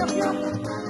yëpp yëpp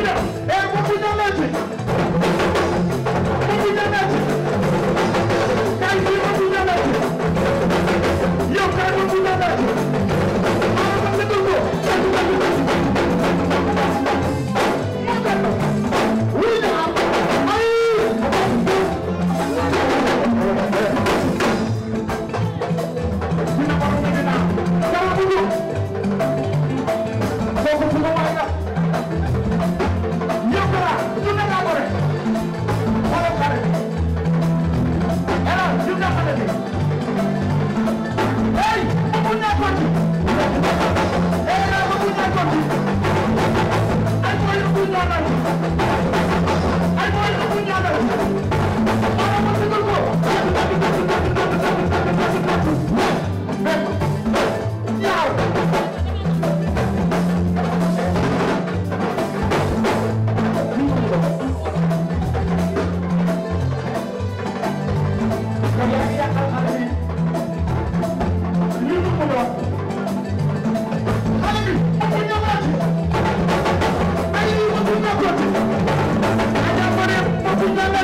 ñu def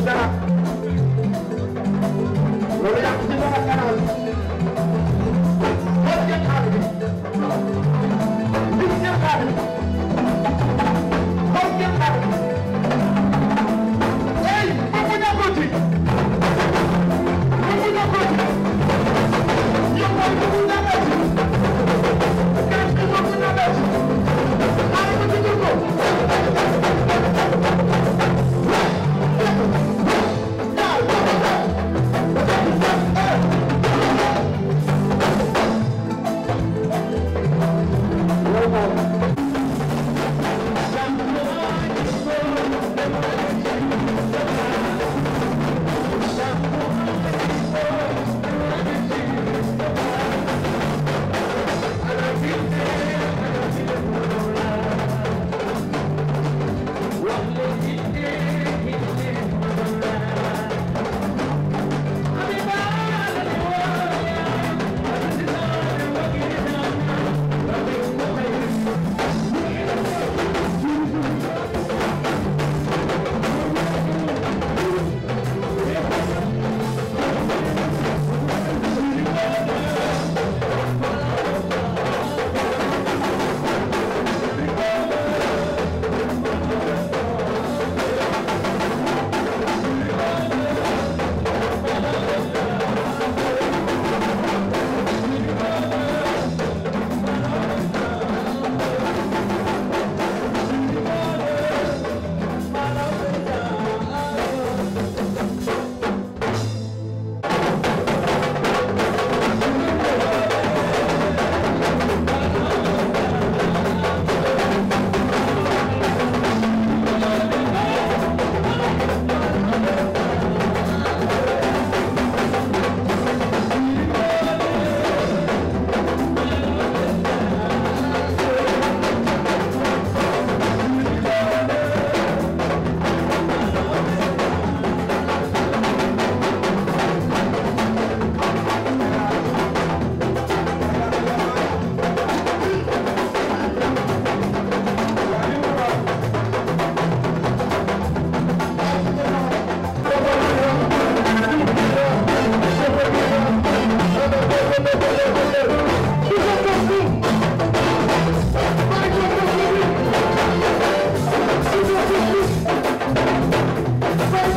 dara